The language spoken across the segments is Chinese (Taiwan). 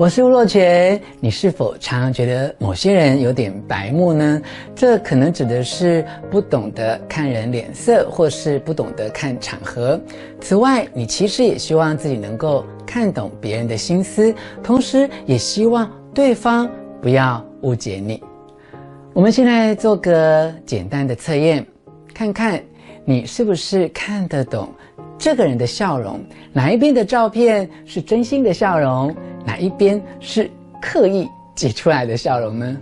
我是吳若權。你是否常常覺得某些人有點白目呢？這可能指的是不懂得看人臉色，或是不懂得看場合。此外，你其實也希望自己能夠看懂別人的心思，同時也希望對方不要誤解你。我們先來做個簡單的測驗，看看你是不是看得懂這個人的笑容，哪一邊的照片是真心的笑容？哪一邊是刻意擠出來的笑容呢？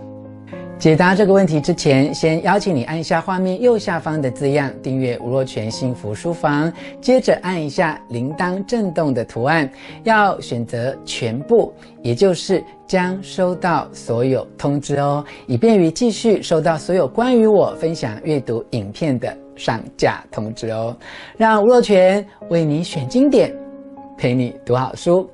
解答這個問題之前，先邀請你按一下畫面右下方的字樣，訂閱吳若權幸福書房。接着按一下鈴鐺震動的圖案，要選擇全部，也就是將收到所有通知哦，以便於繼續收到所有關於我分享閱讀影片的上架通知哦。讓吳若權為你選經典，陪你讀好書。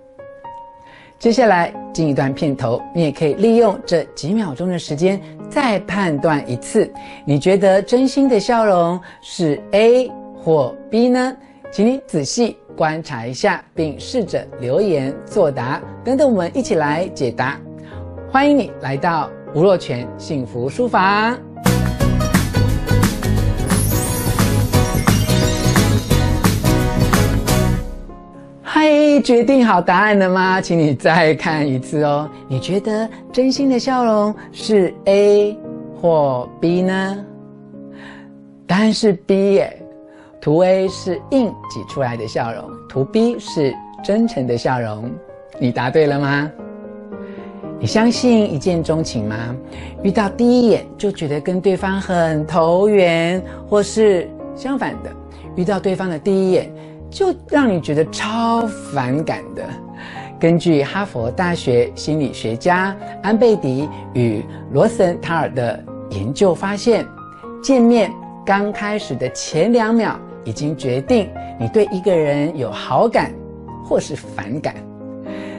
接下來進一段片頭，你也可以利用這幾秒鐘的時間再判斷一次，你覺得真心的笑容是 A 或 B 呢？請你仔細觀察一下，並試着留言作答。等等，我們一起來解答。歡迎你來到吳若權幸福書房。你決定好答案了嗎？請你再看一次哦。你覺得真心的笑容是 A 或 B 呢？答案是 B 耶。圖 A 是硬擠出來的笑容，圖 B 是真誠的笑容。你答對了嗎？你相信一見鍾情嗎？遇到第一眼就覺得跟對方很投緣，或是相反的，遇到對方的第一眼。就讓你覺得超反感的。根據哈佛大學心理學家安貝迪與羅森塔爾的研究發現，見面剛開始的前兩秒已經決定你對一個人有好感或是反感。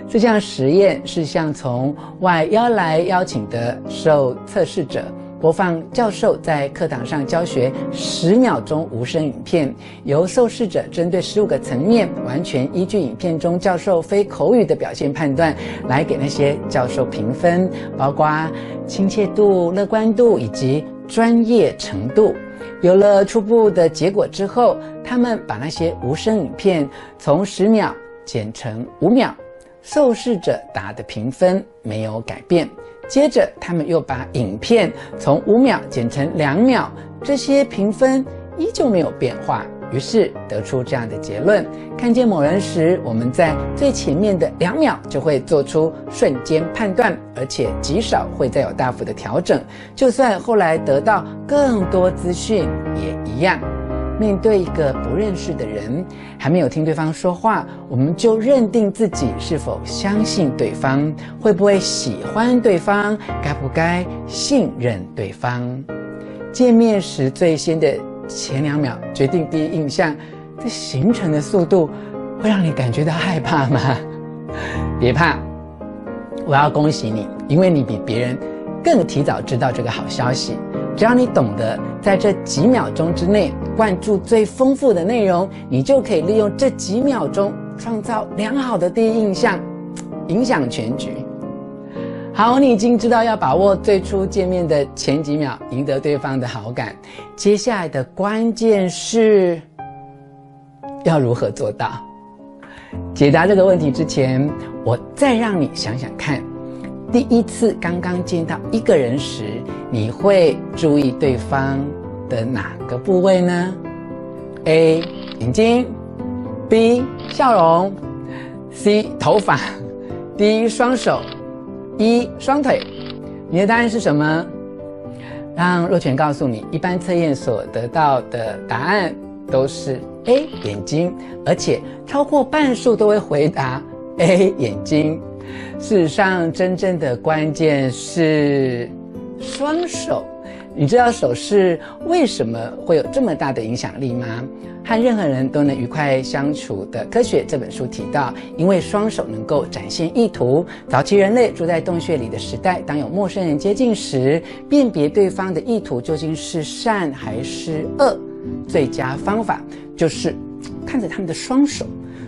這項實驗是向從外邀來邀請的受測試者。播放教授在課堂上教學十秒鐘無聲影片，由受試者針對十五個層面，完全依據影片中教授非口語的表現判斷，來給那些教授評分，包括親切度、樂觀度以及專業程度。有了初步的結果之後，他們把那些無聲影片從十秒剪成五秒，受試者答的評分沒有改變。接着，他們又把影片從五秒剪成兩秒，這些評分依舊沒有變化。於是得出這樣的結論：看見某人時，我們在最前面的兩秒就會做出瞬間判斷，而且極少會再有大幅的調整。就算後來得到更多資訊，也一樣。面對一個不認識的人，還沒有聽對方說話，我們就認定自己是否相信對方，會不會喜歡對方，該不該信任對方？見面時最先的前兩秒決定第一印象，這形成的速度會讓你感覺到害怕嗎？別怕，我要恭喜你，因為你比別人更提早知道這個好消息。只要你懂得在這幾秒鐘之內灌注最豐富的內容，你就可以利用這幾秒鐘創造良好的第一印象，影響全局。好，你已經知道要把握最初見面的前幾秒，贏得對方的好感。接下來的關鍵是要如何做到？解答這個問題之前，我再讓你想想看。第一次剛剛見到一個人時，你會注意對方的哪個部位呢？A. 眼睛 B. 笑容 C. 頭髮 D. 雙手 E. 雙腿，你的答案是什麼？讓若權告訴你，一般測驗所得到的答案都是 A. 眼睛，而且超過半數都會回答 A. 眼睛。事實上，真正的關鍵是雙手。你知道手勢為什麼會有這麼大的影響力嗎？《和任何人都能愉快相處的科學》這本書提到，因為雙手能夠展現意圖。早期人類住在洞穴裡的時代，當有陌生人接近時，辨別對方的意圖究竟是善還是惡，最佳方法就是看着他們的雙手。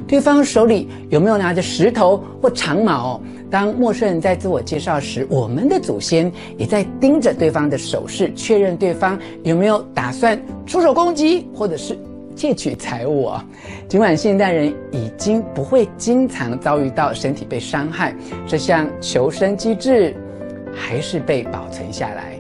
對方手裡有沒有拿着石頭或長矛？當陌生人在自我介紹時，我們的祖先也在盯着對方的手勢，確認對方有沒有打算出手攻擊，或者是竊取財物啊。儘管現代人已經不會經常遭遇到身體被傷害，這項求生機制還是被保存下來。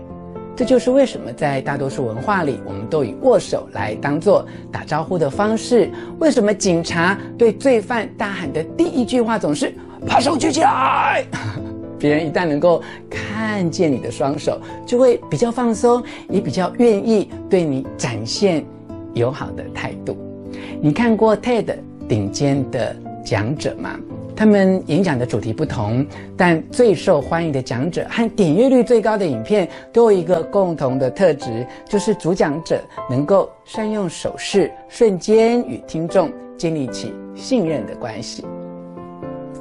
這就是為什麼在大多數文化裡，我們都以握手來當做打招呼的方式。為什麼警察對罪犯大喊的第一句話總是“把手舉起來”？別人一旦能夠看見你的雙手，就會比較放鬆，也比較願意對你展現友好的態度。你看過 TED 頂尖的講者嗎？他們演講的主題不同，但最受歡迎的講者和點閱率最高的影片都有一個共同的特質，就是主講者能夠善用手勢，瞬間與聽眾建立起信任的關係。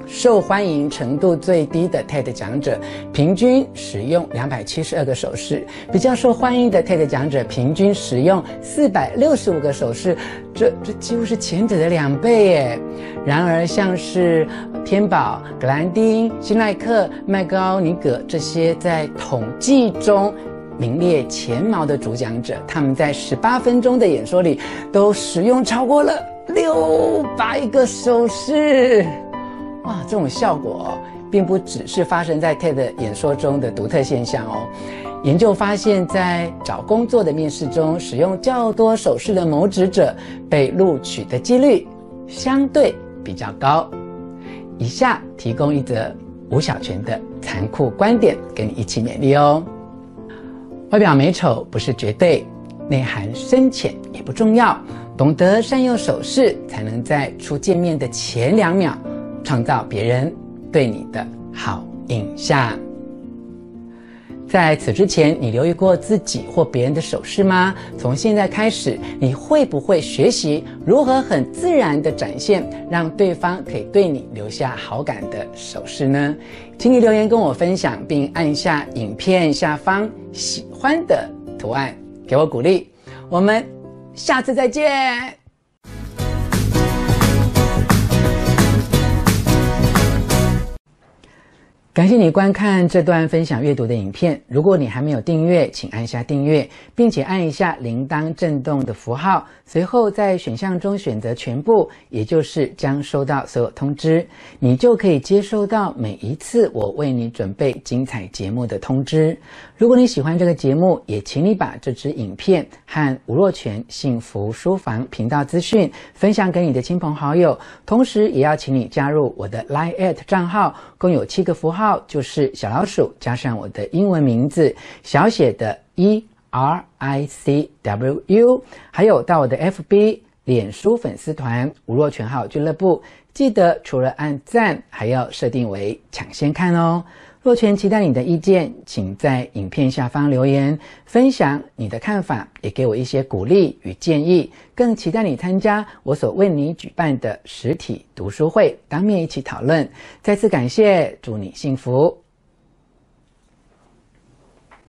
受歡迎程度最低的 TED 講者平均使用兩百七十二個手勢，比較受歡迎的 TED 講者平均使用四百六十五個手勢，這這幾乎是前者的兩倍耶。然而，像是天寶、格蘭丁、辛萊克、麥高尼格這些在統計中名列前茅的主講者，他們在十八分鐘的演說裡都使用超過了六百個手勢。哇，這種效果，哦，並不只是發生在 TED 演說中的獨特現象哦。研究發現，在找工作的面試中，使用較多手勢的求職者被錄取的幾率相對比較高。以下提供一則吳小泉的殘酷觀點，跟你一起勉勵哦。外表美醜不是絕對，內涵深淺也不重要，懂得善用手勢，才能在初見面的前兩秒。創造別人對你的好印象。在此之前，你留意過自己或別人的手勢嗎？從現在開始，你會不會學習如何很自然地展現，讓對方可以對你留下好感的手勢呢？請你留言跟我分享，並按下影片下方喜歡的圖案，給我鼓勵。我們下次再見。感謝你觀看這段分享閱讀的影片。如果你還沒有訂閱，請按下訂閱，並且按一下鈴鐺震動的符號。隨後在選項中選擇全部，也就是將收到所有通知，你就可以接收到每一次我為你準備精彩節目的通知。如果你喜歡這個節目，也請你把這支影片和吳若權幸福書房頻道資訊分享給你的親朋好友。同時，也要請你加入我的 Line at 賬號，共有七個符號。號就是小老鼠加上我的英文名字小寫的 e r i c w u，還有到我的 f b 臉書粉絲團吳若權號俱樂部，記得除了按讚，還要設定為搶先看哦。若權期待你的意見，請在影片下方留言分享你的看法，也給我一些鼓勵與建議。更期待你參加我所為你舉辦的實體讀書會，當面一起討論。再次感謝，祝你幸福。